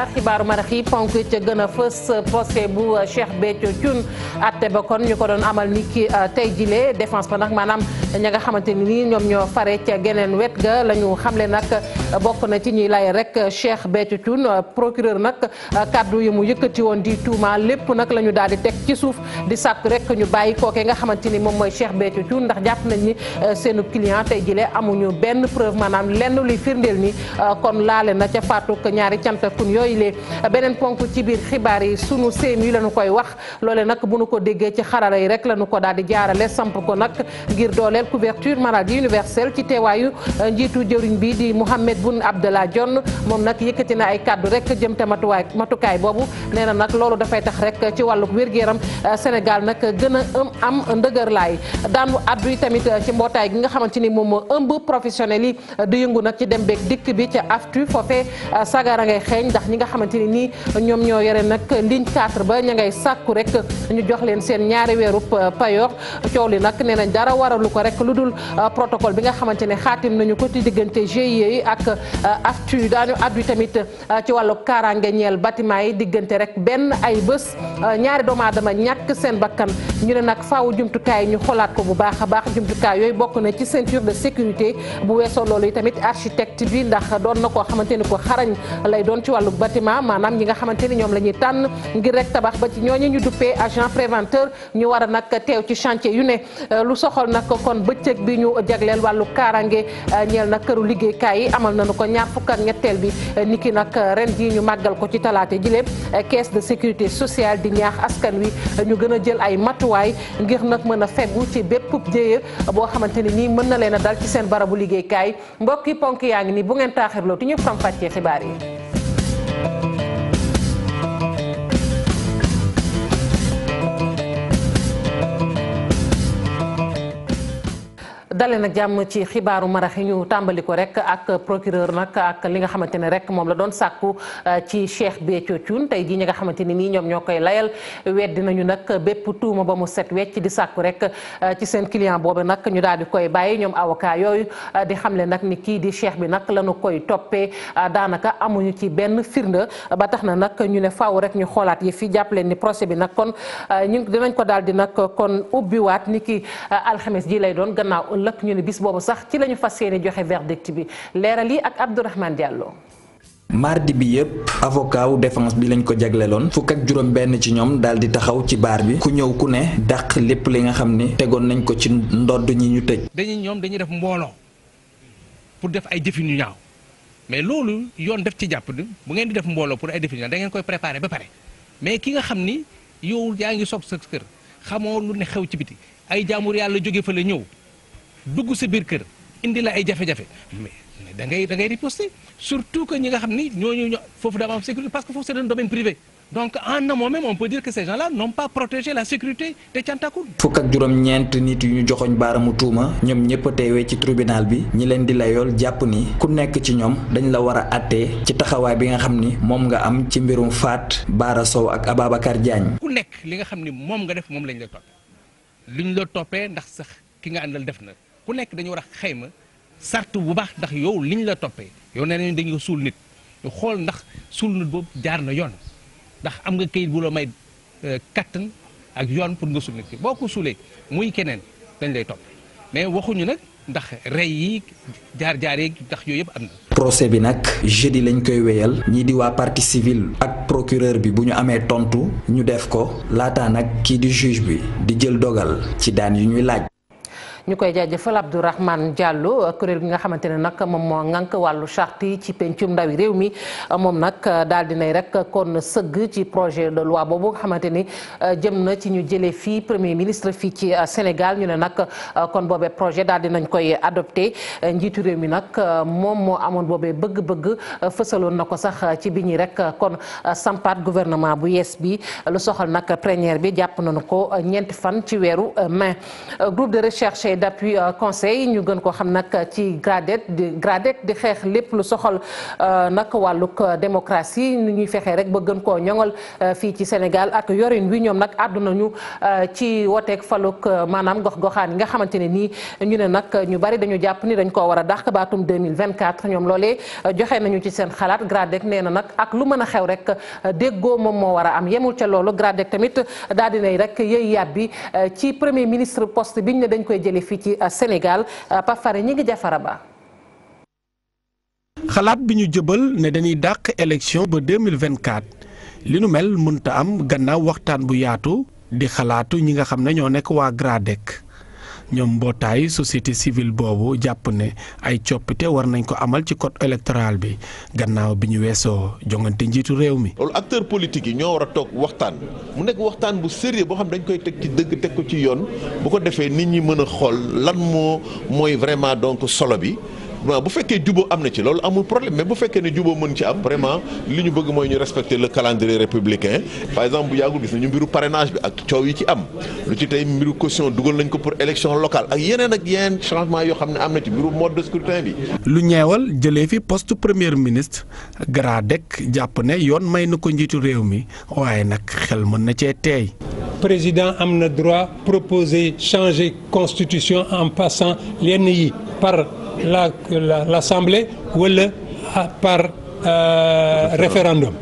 Touba xibaaru marax yi ponk ca gën a fës procès bu Cheikh Béthio Thioune atte ba kon ñu ko doon amal ni ki euh, tey jile défense ba nag maanaam ña nga xamante ni nii ñoom ñoo fare ca geneen wet ga la ñu xamle nag bokk na ci ñuy lay rek Cheikh Béthio Thioune procureur nag kaddu yi mu yëkkati woon di tuuma lépp nag la ñu daal di teg ci suuf di sàkk rek ñu bàyyi kooke nga xamante ni moom mooy Cheikh Béthio Thioune ndax jàpp nañ ni euh, seenu client tey jile amuñu benn preuve maanaam lenn luy ni euh, yooyule beneen ponk ci biir xibaar yi sunu séem yi koy wax loole nag bu nu ko déggee ci xarala yi rek lañu ko daal di jaarale samp ko nag ngir dooleel couverture maladie universelle ci teewaayu euh, njiitu jëriñ bi di Mouhamed Boun Abdallah Dionne moom nag yëkkati na ay kàddu rek jëm te matuwaay matukaay boobu nee na nag loolu dafay tax rek ci wàllu wér-gu-yaram euh, Sénégal nag gën a am ndëgër laay daanu addu tamit euh, ci mbootaay gi nga xamante ni moom moo ëmb professionnel yi di yëngu nag ci dem beeg dikk bi ca aftu nga xamante ni nii ñoom ñoo yore nag ligne 4 ba ña ngay sàkku rek ñu jox leen seen ñaari weeru euh, payoor coow li nag nee nañ dara waralu ko rek lu dul euh, protocole bi nga xamante ne xaatim nañu ko ci diggante GIE yi ak euh, AFTU daañu addu tamit ci wàllu kaaraange ñeel bâtiment yi diggante rek benn ay bés ñaari doomu aadama ñàkk seen bakkan ñu ne nag faaw jumtukaay ñu xolaat ko bu baax a baax jumtukaay yooyu bokk na ci ceinture de sécurité bu weesoo loolu yi tamit architecte bi ndax doon na ko xarañ lay bâtiment maanaam ñi nga xamante ni ñoom lañuy tànn ngir rek tabax ba ci ñooñu ñu duppee agent préventeur ñu war a nag teew ci chantier yu ne euh, lu soxal nag kon bëccëg bi ñu jagleel wàllu kaarange euh, ñeel nag këru liggéeykaay yi amal nañu ko ñaar fukk ak ñetteel bi euh, niki nag ren jii ñu màggal ko ci talaate ji lépp caisse de sécurité sociale di ñaax askan wi ñu gën a jël ay matuwaay ngir nag mën a fegu ci bépp jéye boo xamante ni nii mën na leen a dal ci seen barabu liggéeykaay mbokki ponk yaa ngi ni bu ngeen taaxirloo ti ñu faram xibaar yi dale nag jàmm ci xibaaru marax yi ñu tàmbali ko rek ak procureur nag ak li nga xamante ne rek moom la doon sàkku euh, ci Cheikh Béthio Thioune tey jii ñi nga xamante ne nii ñoom ñoo koy layal weddi nañu nag bépp tuuma ba mu set wecc di sàkku rek euh, ci seen client boobu nag ñu daal di koy bàyyi ñoom avocat yooyu euh, di xamle nag ni kii di cheikh bi nag lañu koy toppee daanaka amuñu ci benn firnde ba tax na nag ñu ne faw rek ñu xoolaat yi fi jàpp leen ni procès bi nag kon ñu ko daal di nag kon ubbiwaat ni ki alxames ji ëllëg ñu ne bis boobu sax ci lañu fas yéene joxe verdict bi leeral yi ak Abdourahmane Diallo. mardi bi yëpp avocat wu défense bi lañ ko jagleloon fukk ak juróom benn ci ñoom daal di taxaw ci baar bi ku ñëw ku ne dàq lépp li nga xam ni tegoon nañ ko ci ndodd ñi ñu tëj. dañuy ñoom dañuy def mbooloo pour def ay jëfin yu ñaaw mais loolu yoon def ci jàpp bu ngeen di def mbooloo pour ay jëfin yu ñaaw da ngeen koy préparer ba pare mais ki nga xam ni yow yaa ngi soog sa kër xamoo lu ne xew ci biti ay jaamur yàlla jóge fa la ñëw. dugg si biir kër indi la ay jafe-jafe mais da ngay da ngay riposter surtout que ñi nga xam ni ñooñu foofu dafa sécurité parce que foofu c'est un domaine privé donc en amont même on peut dire que ces gens-là n'ont pas protégé la sécurité de Thiantacour. fukk ak juróom-ñeent nit yu ñu joxoñ baaramu tuuma ñoom ñëpp a ci tribunal bi ñi leen di layool jàpp ni ku nekk ci ñoom dañu la war a àttee ci taxawaay bi nga xam ni moom nga am ci mbirum Faat Baara Sow ak Ababacar Diagne. ku nekk li nga xam ni moom nga def moom lañ la topp liñ la toppee ndax sax ki nga àndal def na. ku nekk dañu war a xayma sart bu baax ndax yow liñ la toppee yow nee nañu dañu ko suul nit ñu xool ndax suul nit boobu jaar na yoon ndax am nga kayit bu la may euh, kattan ak yoon pour nga suul boo ko suulee muy keneen dañ lay topp mais waxuñu nag ndax rey yi jaar-jaar yi yooyu yëpp am na. procès bi nag jeudi lañ koy weyal ñii di waa partie civile ak procureur bi bu ñu amee tontu ñu def ko laataa nag kii di juge bi di jël dogal ci daan yu ñuy laaj. ñu koy jaajëfal Abdourahmane Diallo kuréel bi nga xamante ne nag moom moo ŋànk wàllu charte yi ci pencum ndawi réew mi moom nag daal nay rek kon sëgg ci projet de loi boobu nga xamante ni jëm na ci ñu jëlee fii premier ministre fii ci euh, Sénégal ñu ne nag euh, kon boobe projet daal nañ koy adopté njiitu réew mi nag euh, moom moo amoon boobe bëgg-bëgg fësaloon na ko sax ci bi ñi rek kon sampaat gouvernement bu yees bi lu soxal nag première bi jàpp nañu ko ñeenti fan ci weeru d'appui euh, conseil ñu gën ko xam nag ci GRADEC di GRADEC di xeex lépp lu soxal euh, nag wàllug euh, démocratie ñu ñuy fexee rek ba gën koo ñoŋal fii ci Sénégal ak yorin wi ñoom nag àdduna ñu ci woteeg faluk maanaam gox-goxaan nga xamante ne nii ñu ne nag ñu bari dañu jàpp ni dañ ko war a dàq baatum 2024 ñoom loole joxe nañu ci seen xalaat GRADEC nee na nag ak lu mën a xew rek déggoo moom moo war a am yemul ca loolu GRADEC tamit daal dinay rek yëy yàbbi ci premier ministre poste biñ ne dañ koy jëlee ci euh, Sénégal euh, Pape Fare ngi jafara ba xalaat bi ñu jëbal ne dañuy dàq élection ba 2024 li nu mel mënta am gannaaw waxtaan bu yaatu di xalaatu ñi nga xam ne ñoo nekk waa GRADEC ñoom mbootaay société civile boobu jàpp ne ay coppite war nañ ko amal ci code électoral bi gannaaw bi ñu weesoo jongante njiitu réew mi. loolu acteur politique yi ñoo war a toog waxtaan mu nekk waxtaan bu sérieux boo xam ne dañ koy teg ci dëgg teg ko ci yoon bu ko defee nit ñi mën a xool lan moo mooy vraiment donc solo bi. waaw bu fekkee jubóo am na ci loolu amul problème mais bu fekkee ne jubóo mën ci am vraiment li ñu bëgg mooy ñu respecter le calendrier républicain par exemple bu yàggul gis nañu mbiru parrainage bi ak coow yi ci am lu ci tey mbiru caution dugal nañ ko pour élection locale ak yeneen ak yeneen changement yoo xam ne am na ci mbiru mode de scrutin bi. lu ñeewal jëlee fi poste premier ministre Gradec jàpp ne yoon may na ko njiitu réew mi waaye nag xel mën na cee teey. président am na droit proposer changer constitution en passant lenn yi par. la l'assemblée wala ah, par euh, référendum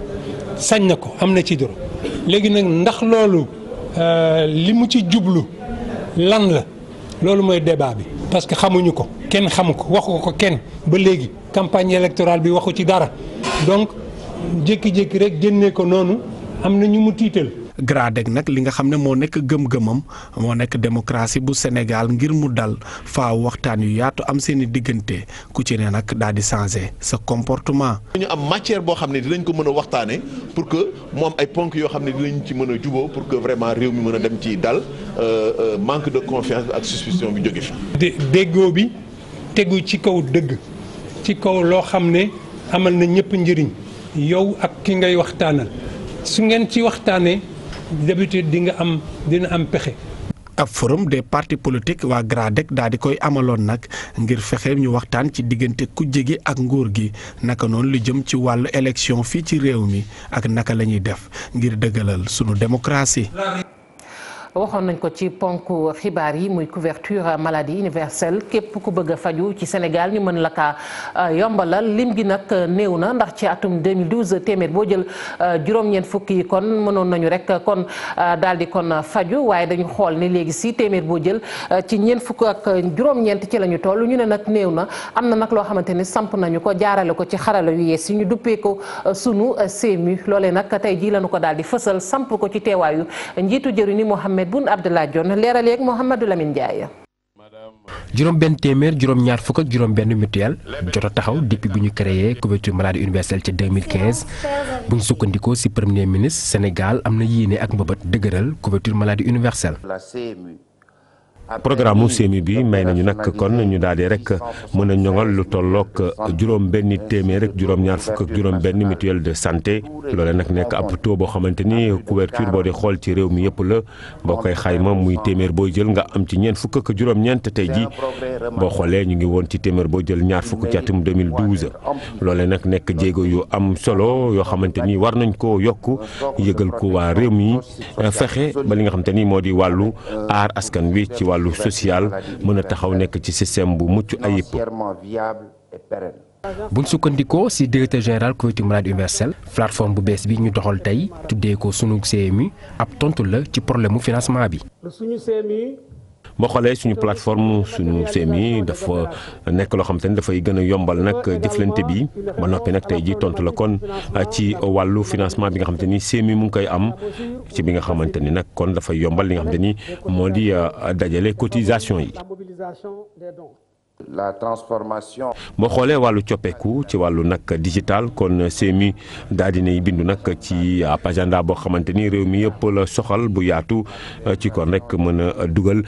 sañ na ko am na ci droit léegi nag ndax loolu euh, li mu ci jublu lan la loolu mooy débat bi parce que xamuñu ko kenn xamu ko waxu ko kenn ba léegi campagne électorale bi waxu ci dara donc jékki-jékki rek génnee ko noonu am na ñu mu tiital GRADEC nag li nga xam ne moo nekk gëm-gëmam moo nekk démocratie bu Sénégal ngir mu dal faaw waxtaan yu yaatu am seen i diggante ku ci ne nag daal di changer sa comportement. ñu am matière boo xam ne dinañ ko mën a waxtaanee pour que mu am ay ponk yoo xam ne dinañ ci mën a juboo pour que vraiment réew mi mën a dem ci dal euh, euh, manque de confiance ak suspicion bi jóge fi. déggoo bi tegu ci kaw dëgg ci kaw loo xam ne amal na ñëpp njëriñ yow ak ki ngay waxtaanal su ngeen ci waxtaanee. d'habitude di nga am dina am pexe. ab forum de parti politiques waa GRADEC daal di koy amaloon nag ngir fexe ñu waxtaan ci diggante kujje gi ak nguur gi naka noonu lu jëm ci wàllu élection fii ci réew mi ak naka lañuy def ngir dëggalal sunu démocratie. waxoon nañ ko ci ponk xibaar yi muy couverture maladie universelle képp ku bëgg a faju ci Sénégal ñu mën la kaa euh, yombalal lim gi nag euh, néew na ndax ci atum 2012 téeméer boo jël euh, juróom fukk yi kon mënoon nañu rek kon daal di kon faju waaye dañu xool ne léegi si téeméer boo jël ci ñeent fukk ak juróom-ñeent ci la ñu toll ñu ne nag néew na am na nag loo xamante ni samp nañu ko jaarale ko ci xarale yu yees yi ñu duppee ko sunu CMU loolee nag tey jii lanu ko daal di fësal samp ko ci teewaayu njiitu jëriñu Mohamed Mohamed Boun Abdallah Dionne leeral yeeg Mouhamadou Lamine Ndiaye. juróom benn téeméer juróom ñaar fukk ak juróom benn mutuelle jot a taxaw depuis bu ñu créé couverture maladie universelle ca 2015 bu ñu sukkandikoo ci premier ministre Sénégal am na yéene ak mbëbët dëgëral couverture maladie universelle. programme mu CMU bi may nañu nag kon ñu daal di rek mën a ñoŋal lu tollook juróom benn téeméer rek juróom ñaar fukk ak juróom benn mutuelle de santé loole nag nekk ab taux boo xamante ni couverture boo di xool ci réew mi yëpp la boo koy xayma muy téeméer booy jël nga am ci ñeent fukk ak juróom-ñeent tey ji boo xoolee ñu ngi woon ci téeméer boo jël ñaar fukk ci atum 2012 loole nag nekk jéego yu am solo yoo xamante ni war nañ koo yokk yëgal ko waa réew mi fexe ba li nga xamante ni moo di wàllu askan wi ci wàllu social mën a taxaw nekk ci système bu mucc ayib. buñ sukkandikoo ci directeur général couverture maladie universelle plateforme bu bees bi ñu doxal tey tuddee ko sunu CMU ab tontu la ci problème mu financement bi. boo xoolee suñu plateforme suñu CMI dafa nekk loo xam te dafay gën a yombal nag jëflante bi ba noppi nag tey ji tontu la kon ah, ci wàllu financement bi nga xam ni CMI mu ngi koy am ci bi nga xamante ni nag kon dafay yombal li nga xam te ni moo di ah, dajale cotisation yi la transformation. boo xoolee wàllu coppeeku ci wàllu nag digital kon CMU daal dinay bindu nag ci ab boo xamante ni réew mi yëpp la soxal bu yaatu ci kon rek mën a dugal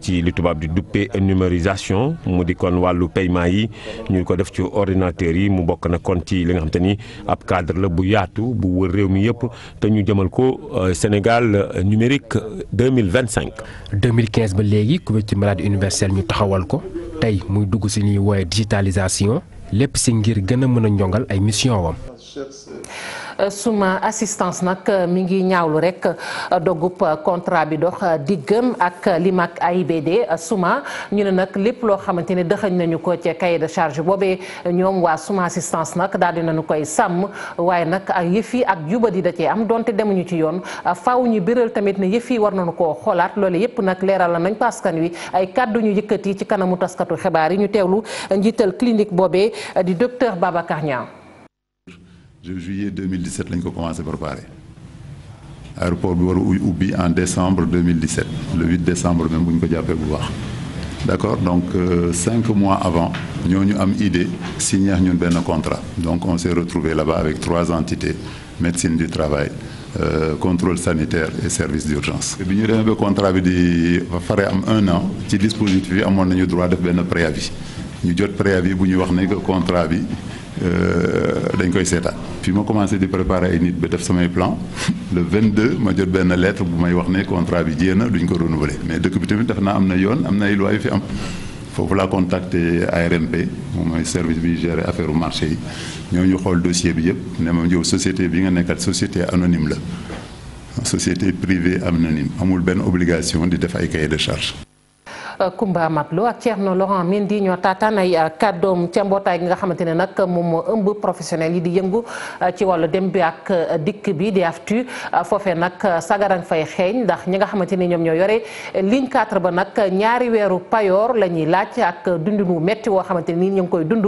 ci li tubaab di duppee numérisation mu di kon wàllu paiement yi ñu ko def ci ordinateur yi mu bokk na kon ci li nga xamante ni ab cadre la bu yaatu bu wër réew mi yëpp te ñu jëmal ko euh, Sénégal numérique 2025. 2015 ba léegi couverture maladie universelle ñu taxawal ko. tey muy dugg si ñuy wooye digitalisation lépp si ngir gën a mën a ñongal ay mission wam suma assistance nag euh, mi ngi ñaawlu rek euh, dogub euh, contrat bi dox diggam ak limak AIBD suma ñu ne nag lépp loo xamante ni dëxañ nañu ko ci cahier de charge boobee ñoom waa suma assistance nag daal di nañu koy sàmm waaye nag ak yëf yi ak jubadi da cee am donte demuñu ci yoon faaw ñu biral tamit ne yëf yi war nañu koo xoolaat loolu yëpp nag leeral nañ ko askan wi ay kàddu ñu yëkkati ci kanamu taskatu xibaar yi ñu teewlu njiital clinique boobee di docteur Babacar juillet 2017 lañ ko commencé préparer aéroport bi war a ubbi en décembre 2017 le 8 décembre même bu ñu ko jàppee bu baax d'accord donc euh, cinq mois avant ñu am idée signer ñun benn contrat donc on s'est retrouvé là-bas avec trois entités médecine du travail euh, contrôle sanitaire et service d'urgence bi ñu demee ba contrat bi di fare am un an ci dispositif yi amoon nañu droit def benn préavis ñu jot préavis bu ñuy wax ne que contrat bi Euh, dañ koy seetaan fi ma commencé di préparer ay nit ba def samay plan le 22 ma jot benn lettre bu may wax ne contrat bi jéem na duñ ko renouveler mais dëkk bi tamit def naa am na yoon am na ay loi fi am foofu laa contacté ARMP moom mooy service bi géré affaire u marché yi ñoo ñu xool dossier bi yëpp ne ma yow société bi nga nekkat société anonyme la société privée anonyme amul benn obligation di def ay cahier de charge Euh, Kumba Matlo ak Thierno Laurent Mendy ñoo taataan ay euh, kàddoom ca mbootaay gi nga xamante ne nag moom moo ëmb professionnel yi di yëngu euh, ci wàllu dem bi ak dikk bi di aftu foofee nag sagarang fay xeeñ ndax ñi nga xamante ne ñoom ñoo yore ligne 4 ba nag ñaari weeru payoor la ñuy laaj ak dundinu métti woo xamante nii ñu ngi koy dund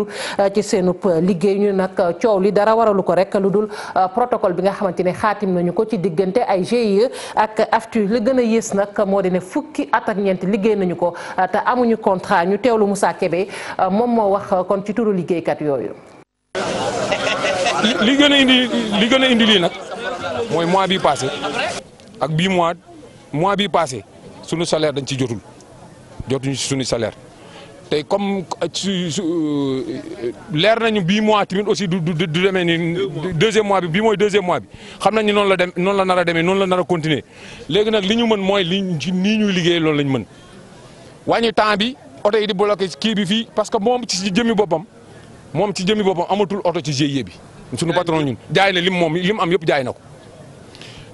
ci seenu liggéey ñu nag coow li dara waralu ko rek lu dul protocole bi nga xamante ne xaatim nañu ko ci diggante ay GIE ak aftu li gën a yées nag moo di ne fukki at ak liggéey nañu ko Euh, te amuñu contrat ñu teewlu Moussa Kébé euh, moom moo wax euh, kon ci turu liggéeykat yooyu. li gën a indi li gën a indi lii nag mooy mois bi passé ak bii mois mois bi passé sunu salaire dañ ci jotul jotuñu ci sunu salaire tey comme su leer nañu bii mois tamit aussi du du du demee ni deuxième mois bi bii mooy deuxième mois bi xam nañu noonu la dem noonu la nar a demee noonu la nar a continuer léegi nag li ñu mën mooy li nii ñuy liggéey loolu lañ mën. wàññi temps bi oto yi di bloqué kii bi fii parce que moom ci jëmi boppam moom ci jëmi boppam amatul oto ci GIE bi. suñu patron ñun jaay na lim moom lim am yëpp jaay na ko.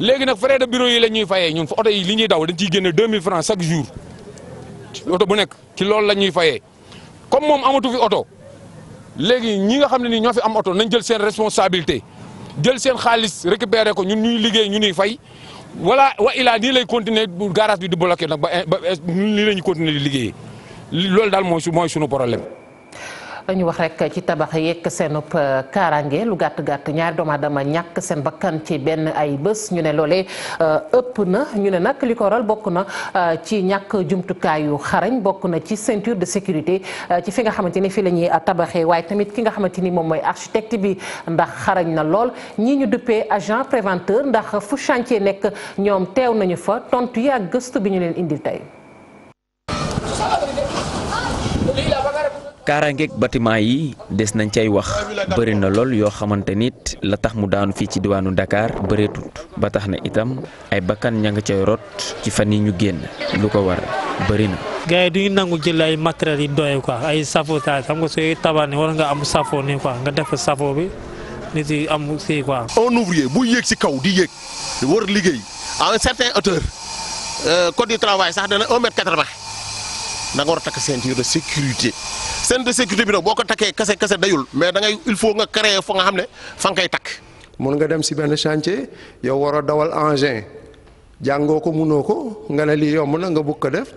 léegi nag frais de bureau yi la ñuy fayee ñun fa oto yi li ñuy daw dañ ciy génne 2000 francs chaque jour oto bu nekk ci loolu la ñuy fayee comme moom amatu fi oto léegi ñi nga xam ne nii ñoo fi am oto nañ jël seen responsabilité jël seen xaalis récupérer ko ñun ñuy liggéey ñu ñuy fay voilà wa ilaa nii lay continuer garage bi di bloqué nag ba ba nii la ñu di liggéeyee loolu daal mooy su mooy suñu problème. ñu wax rek ci tabax yeeg seenub euh, kaaraange lu gàtt gàtt ñaari doomu aadama ñàkk seen bakkan ci benn ay bés ñu ne loolee euh, ëpp na ñu ne nag li bokk na euh, ci ñàkk jumtukaayu xarañ bokk na ci ceinture de sécurité ci fi nga xamante ni fii la ñuy tabaxee waaye tamit ki nga xamante ni moom mooy architecte bi ndax xarañ na lool ñi ñu duppee agent préventeur ndax fu chantier nekk ñoom teew nañu fa tontu yi ak gëstu bi ñu leen indil tey. kaaraangeeg bâtiment yi des nañ cay wax bëri na lool yoo xamante nit la tax mu daanu fii ci diwaanu Dakar bëreetut ba tax na itam ay bakkan ña nga cay rot ci fan yi ñu génn lu ko war bëri na. gars yi du ñu nangu jël ay matériels yi doye quoi ay safotaay xam nga sooy tabax ne war nga am safo nii quoi nga def safo bi nit yi am si quoi. un ouvrier bu yéeg si kaw di yéeg war liggéey à un certain hauteur euh, code du travail sax dana 1 mètre 80. da nga war a takk ceinture de sécurité bi nag boo ko takkee kase kase dayul mais da ngay il faut nga créer fa nga xam ne fa nga kay takk. mun nga dem si benn chantier yow war a dawal engin jàngoo ko munoo ko nga ne lii yomb na nga bëgg ko def.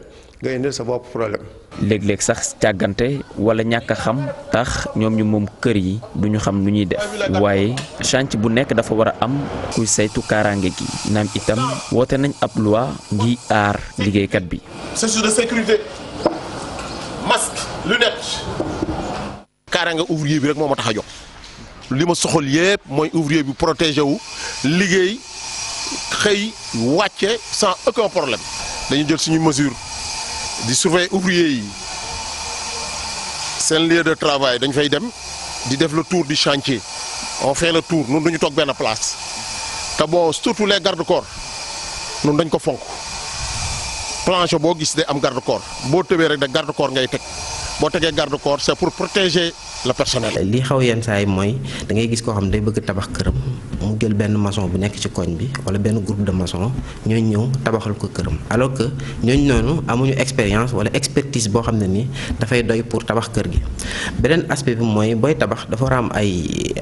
nga indil sa bopp problème. léeg-léeg sax càggante wala ñàkk xam tax ñoom ñu moom kër yi du ñu xam lu ñuy def waaye chantier bu nekk dafa war a am kuy saytu kaaraange gi naam itam woote nañ ab loi ngi aar liggéeykat bi. kaaraange ouvrier bi rek moo ma tax a jóg li ma soxol yëpp mooy ouvrier bi protégé wu liggéey xëy wàcce sans aucun problème dañu jël suñu mesure di surveiller ouvrier yi seen lieu de travail dañ fay dem di def le tour du chantier on fait le tour nun duñu toog benn place te boo surtout les garde corps nun dañ ko fonk planche boo gis de am garde boo tëbee rek da garde ngay teg boo tegee garde c'est pour protéger le personnel. li xaw yenn saa yi mooy da ngay gis ko xam ne day bëgg tabax këram mu jël benn mason bu nekk ci koñ bi wala benn groupe de maçon ñooñu ñëw tabaxal ko këram alors que ñooñu noonu amuñu expérience wala expertise boo xam ne nii dafay doy pour tabax kër gi beneen aspect bi mooy booy tabax dafa war a am ay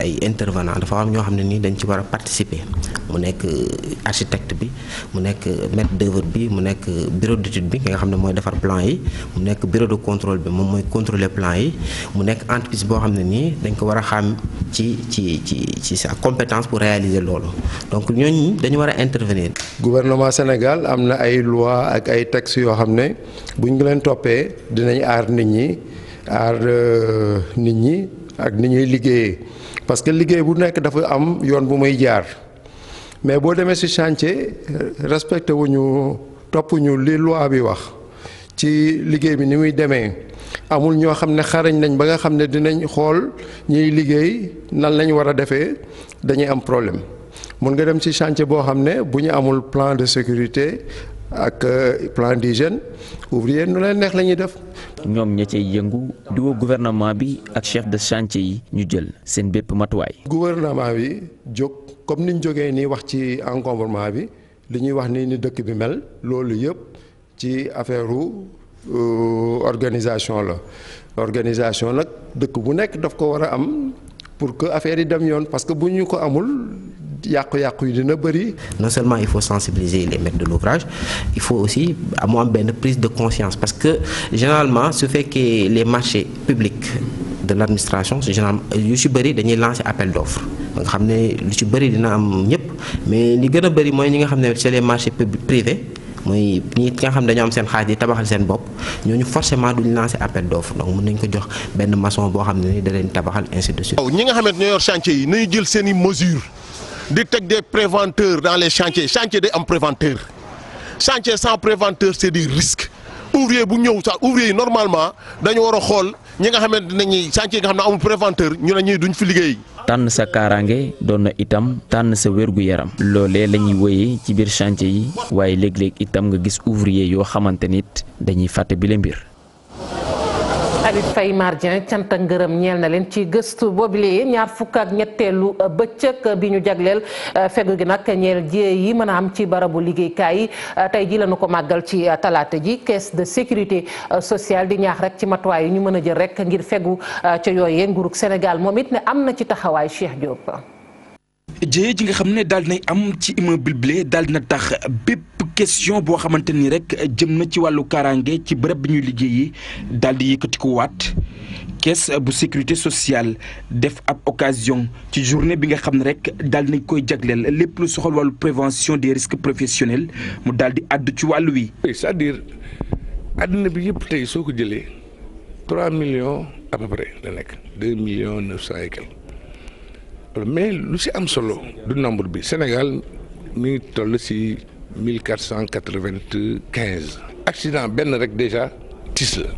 ay intervenant dafa am ñoo xam ne ni dañ ci war a participer mu nekk euh, architecte bi mu nekk euh, maître d'œuvre bi mu nekk euh, bureau d'étude bi ki nga xam ne mooy defar plan yi mu nekk bureau de bi moom mooy contrôler plan yi mu nekk entreprise boo xam ne nii dañ ko war a xam ci ci ci ci compétence pour réaliser loolu donc ñooñu dañu war a intervenir. gouvernement Sénégal am na ay loi ak ay textes yoo xam ne buñ leen toppee dinañ aar nit ñi aar euh, nit ñi ak ni ñuy liggéeyee parce que liggéey bu nekk dafa am yoon bu muy jaar mais boo demee si chantier respecté wu ñu topp ñu li loi bi wax ci liggéey bi ni muy demee. amul ñoo xam ne xarañ nañ ba nga xam ne dinañ xool ñuy liggéey nan lañ war a defee dañuy am problème mun nga dem ci chantier boo xam ne bu ñu amul plan de sécurité ak euh, plan d'hygiène ouvrier nu leen neex la ñuy def. ñoom ña cay yëngu di woo bi ak chef de chantier yi ñu jël seen bépp matuwaay. gouvernement bi jóg comme ni jógee nii wax ci encombrement bi li ñuy wax nii ni dëkk bi mel loolu yëpp ci affaire euh, organisation la organisation nag dëkk bu nekk daf ko war a am. pour que affaire yi dem yoon parce que bu ñu ko amul yàqu-yàqu yi dina bëri. non seulement il faut sensibiliser les maîtres de l'ouvrage il faut aussi mu am benn prise de conscience parce que généralement su fekkee les marché publics. de l'administration su général yu si bëri dañuy lancer appel d'offres nga xam ne lu si bëri dina am ñëpp mais li gën a bëri mooy ñi nga xam ne c'est les marchés privés muy ñi nga xam ne dañoo am seen xaaj di tabaxal seen bopp ñooñu forcément duñ lancer appel d'offre donc mën nañ ko jox benn maçon boo xam ne ni da leen tabaxal ainsi de suite. waaw ñi nga xamante ñoo yor chantier yi nañu jël seen i mesures di teg des préventeurs dans les chantiers chantier day am préventeur chantier sans préventeur c'est des risques ouvrier bu ñëw sax ouvrier yi normalement dañu war a xool ñi nga xamante ne ñi chantier nga xam ne amul préventeur ñu ne ñii duñ fi liggéey. tànn sa kaaraange doon na itam tànn sa wérgu yaram loole la ñuy wéyee ci biir chantier yi waaye léeg-léeg itam nga gis ouvrier yoo xamante nit dañuy fàtte bile mbir Habib Faye Mardien cant ak ngërëm ñeel na leen ci gëstu boobule ñaar fukk ak ñetteelu euh, bëccëg bi ñu jagleel euh, fegu gi nag ñeel ji yi mën a am ci barabu liggéeykaay euh, tey ji lañu ko màggal ci talaata ji caisse de sécurité sociale di ñaax rek ci matuwaay yi ñu mën a jël rek ngir fegu ca yooyee nguurug Sénégal moom it ne am na ci taxawaay Cheikh Diop. jëye ji nga xam ne daal dinay am ci immeuble bi daal dina tax bépp question boo xamante ni rek jëm na ci wàllu kaaraange ci bërëb bi ñuy liggéeyi daal di yëkkatikuwaat kes bu sécurité sociale def ab occasion ci journée bi nga xam ne rek daal dinañ koy jagleel lépp lu soxal wàllu prévention des risques professionnels mu daal di àddu ci wàllu wi. c'est-à-dire bi yëpp tey soo ko jëlee trois millions à peu la nekk deux mais lu si am solo du nombre bi Sénégal mi ngi toll si mille quatre cent quatre vingt quinze accident benn rek déjà tiis la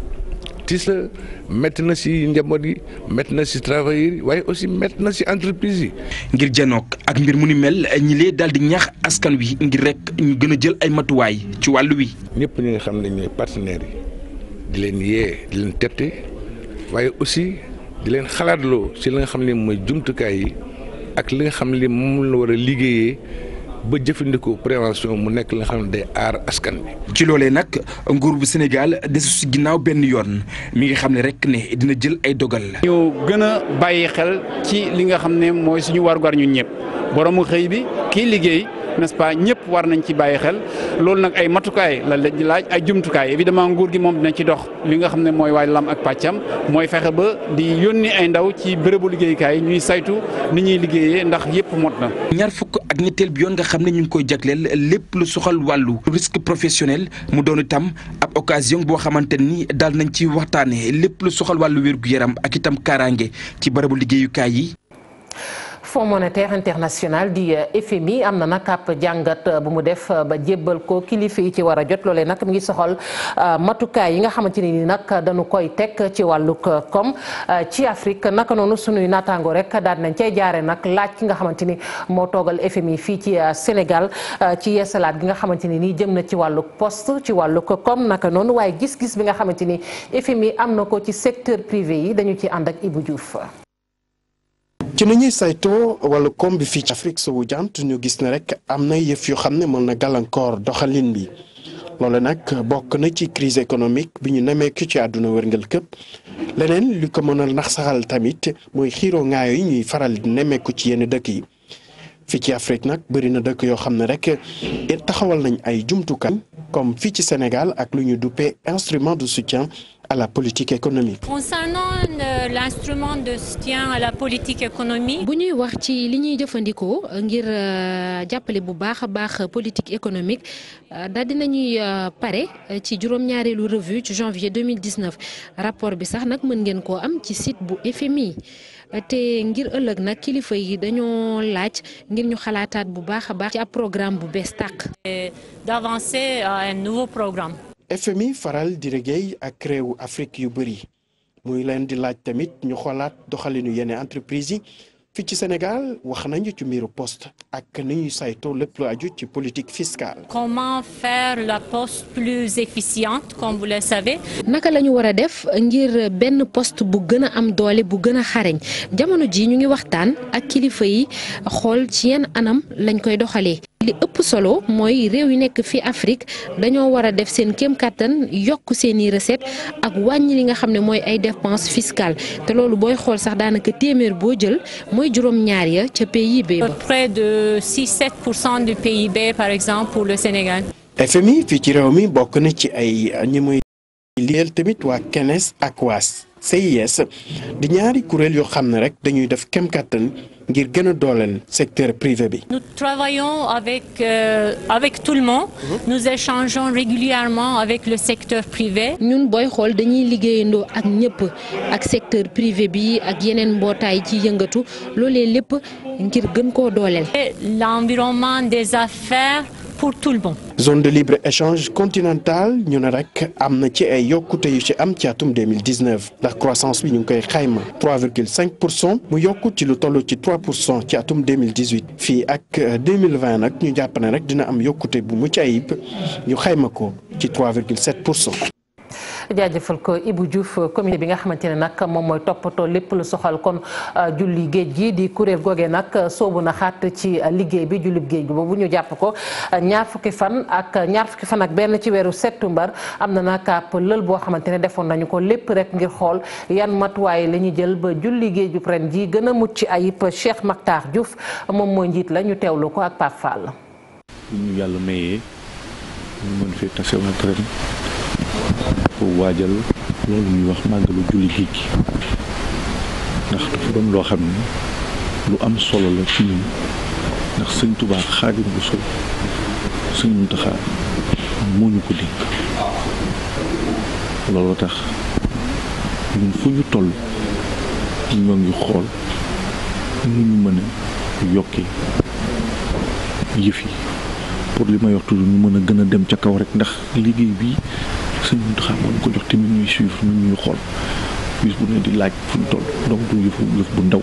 tiis la métti na si njaboot yi métti na si travailleurs yi waaye aussi mett na si entreprise yi. ngir janook ak mbir mu ni mel ay lee daal di ñaax askan wi ngir rek ñu gën a jël ay matuwaay ci wàllu wi. ñëpp ñu ngi xam ne ñooy partenaires yi di leen yée di leen tette waaye aussi. di leen xalaatloo ci li nga xam ne mooy jumtukaay ak li nga xam ne moom a liggéeyee ba jëfandikoo prévention mu nekk li xam ne day aar askan ci loolee nag nguur bu Sénégal desu si ginnaaw benn yoon mi ngi xam ne rek ne dina jël ay dogal la. ñu gën a bàyyi xel ci li nga xam ne mooy suñu warugar ñu ñëpp boromu xëy bi kii liggéey. n'est-ce ñëpp war nañ ci bàyyi xel loolu nag ay matukaay la laaj ay jumtukaay évidemment nguur gi moom dina ci dox li nga xam ne mooy waay wàllam ak pàccam mooy fexe ba di yónni ay ndaw ci bérébu liggéeyukaay ñuy saytu ni ñuy liggéeye ndax yëpp mot na. ñaar fukk ak ñetteel bi yoon nga xam ne ñu ngi koy jagleel lépp lu soxal wàllu risque professionnel mu doon itam ab occasion boo xamante ni daal nañ ci waxtaanee lépp lu soxal wàllu wér gu yaram ak itam kaaraange ci barabu liggéeyukaay yi. fonds monétaire international di eh, FMI am na nag ab jàngat eh, bu mu def eh, ba jébbal ko kilifa yi ci war a jot loolee nag mu ngi soxal matukaay yi nga xamante ne ni nag dañu koy teg ci wàllug koom ci Afrique naka noonu sunuy naataango rek daal nañ cay jaare nag laaj ki nga xamante ni moo toogal FMI fii ci Sénégal ci yeesalaat gi nga xamante ni nii jëm na ci wàllug poste ci wàllug koom naka noonu waaye gis-gis bi nga xamante ni FMI am na ko ci secteur privé yi dañu ci ànd ak Ibou Diouf. ci ni ñuy saytoo wala comme bi fii ci Afrique sowu jant ñu gis ne rek am na yëf yoo xam ne mën na gàllankoor doxalin bi loolu nag bokk na ci crise économique bi ñu nemeeku ci àdduna wërngal këpp leneen li ko mën ndax naxsaxal tamit mooy xiiroo ngaayo yi ñuy faral di nemeeku ci yenn dëkk yi fii ci Afrique nag bëri na dëkk yoo xam ne rek taxawal nañ ay jumtukaay comme fii ci Sénégal ak lu ñu duppee instrument de soutien à la politique économique. concernant l'instrument de soutien à la politique économique. bu ñuy wax ci li ñuy jëfandikoo ngir euh, jàppale bu baax a baax politique économique euh, daal dinañuy euh, pare ci juróom-ñaareelu revue ci janvier 2019 rapport bi sax nag mën ngeen koo am ci site bu FMI. te ngir ëllëg nag kilifa yi dañoo laaj ngir ñu xalaataat bu baax a baax ci ab programme bu bees tàq. d'avancer un nouveau programme. FMI faral di liggéey ak réewu Afrique yu bëri muy leen di laaj tamit ñu xoolaat doxalinu yenn entreprise yi fii ci Sénégal wax nañu ci mbiru post ak ni ñuy saytoo lépp lu aju ci politique fiscale. Comment faire la poste naka lañu ñu war a def ngir benn poste bu gën a am doole bu gën a xareñ jamono ji ñu ngi waxtaan ak kilifa yi xool ci yenn anam lañ koy doxalee. li ëpp solo mooy réew yu nekk fii Afrique dañoo war a def seen kéem yokk seen i recette ak wàññi li nga xam ne mooy ay dépenses fiscales te loolu booy xool sax daanaka téeméer boo jël mooy juróom-ñaar ya ca PIB ba. près de 6-7 du PIB par exemple pour le Sénégal. FMI fii ci réew mi bokk na ci ay ñi muy liggéeyal tamit waa kenes ak waa CIS di ñaari kuréel yoo xam ne rek dañuy def kemkattan ngir gën a dooleel secteur privé bi. nous travaillons avec euh, avec tout le monde. Mhm. nous échangeons régulièrement avec le secteur privé. ñun booy xool dañuy liggéeyandoo ak ñëpp ak secteur privé bi ak yeneen mbootaay ci yëngatu loole lépp ngir gën koo dooleel. l'environnement des affaires. pour tout le monde. zone de libre échange continentale ñu ne rek am na ci ay yokkute yu ci am ci atum 2019 ndax croissance bi ñu ngi koy xayma 3,5 pour cent mu yokku ci lu toll ci 3 pour cent ci atum 2018 fii ak 2020 euh, ñu jàpp ne rek dina am yokkute bu mucc ayib ñu xayma ko ci pour cent. jaajëfal ko Ibou Diouf comité bi nga xamante ne nag moom mooy toppatoo lépp lu soxal kon euh, julli géej gi di kuréel googee nag soobu na xat ci liggéey bi jullib géej gi boobu ñu jàpp ko ñaar fukki fan ak ñaar fukki fan ak benn ci weeru septembre am na na ab lël boo xamante ne defoon nañu ko lépp rek ngir xool yan matuwaay la jël ba julli géej ju ren ji gën a mucc ayib Cheikh Mactar Diouf moom mooy njiit la ñu teewlu ko ak Pape Fall. ko waajal loolu ñuy wax màggalu julli géej gi ndax dafa doon loo xam ne lu am solo la ci ñun ndax sëñ tubaa xaadim bu sol sëñ Muntaxa moo ñu ko dénk loolu tax ñun fu ñu toll ñoo ngi xool nu ñu mën a yokkee yëf yi pour li ma wax toujours ñu mën a gën a dem ca kaw rek ndax liggéey bi sëñ Mountakha moo ñu ko jox te mi ñuy suivre mi ñuy xool bis bu ne di laaj fu ñu toll donc du yëfu yëf bu ndaw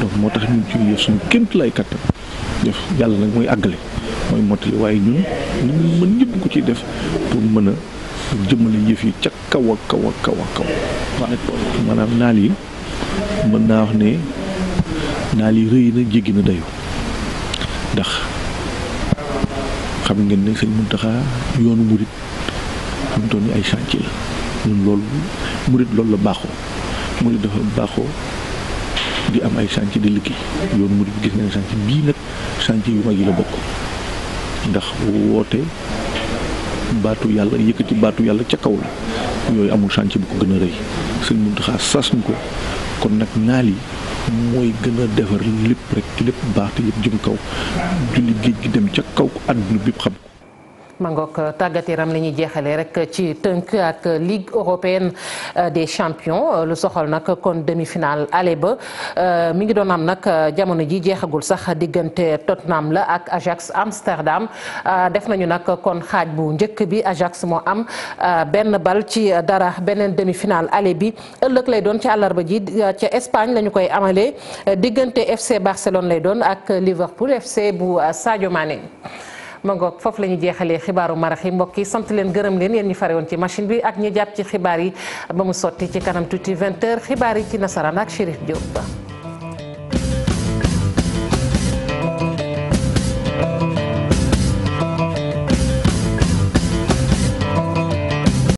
donc moo tax ñun ci yëf suñu kémt lay kattan def yàlla nag mooy àggale mooy mottali waaye ñun ñu ngi mën ñëpp ko ciy def pour mën a jëmale yëf yi ca kaw a kaw a kaw a kaw waaye maanaam naal yi mën naa wax ne naal yi a na jéggi na dayu ndax xam ngeen ne sëñ Mountakha yoonu murit fi mu toll ay chantier la loolu murit loolu la baaxoo murit dafa baaxoo di am ay chantier di liggéey yoonu murit gis nañ chantier bii nag chantier yu mag yi la bokk ndax woote baatu yàlla yëkkati baatu yàlla ca kaw la yooyu amul chantier bu ko gën a rëy sëñ Muntaxa sas ñu ko kon nag naal yi mooy gën a defar lépp rek lépp baax te yëpp jëm kaw julli géej gi dem ca kaw àdduna bépp xam mangook euh, tàggat yaram la ñuy jeexalee rek ci tënk ak ligue européenne euh, des champions euh, lu soxal nag kon demi-finale ale ba mu ngi doon am nag jamono ji jeexagul sax diggante Tottenham la ak Ajax Amsterdam def nañu nag kon xaaj bu njëkk bi Ajax moo am benn bal ci dara beneen demi final aller bi ëllëg lay doon ci àllarba ji ca Espagne lañu koy amalee diggante FC Barcelone lay doon ak Liverpool FC bu Sadio Mané. mangoog foofu la ñu jeexalee xibaaru marax yi mbokk yi sant leen gërëm leen yéen ñi fare woon ci machine bi ak ñi jàpp ci xibaar yi ba mu sotti ci kanam tuuti 20h xibaar yi ci nasaraan ak Chérif Diop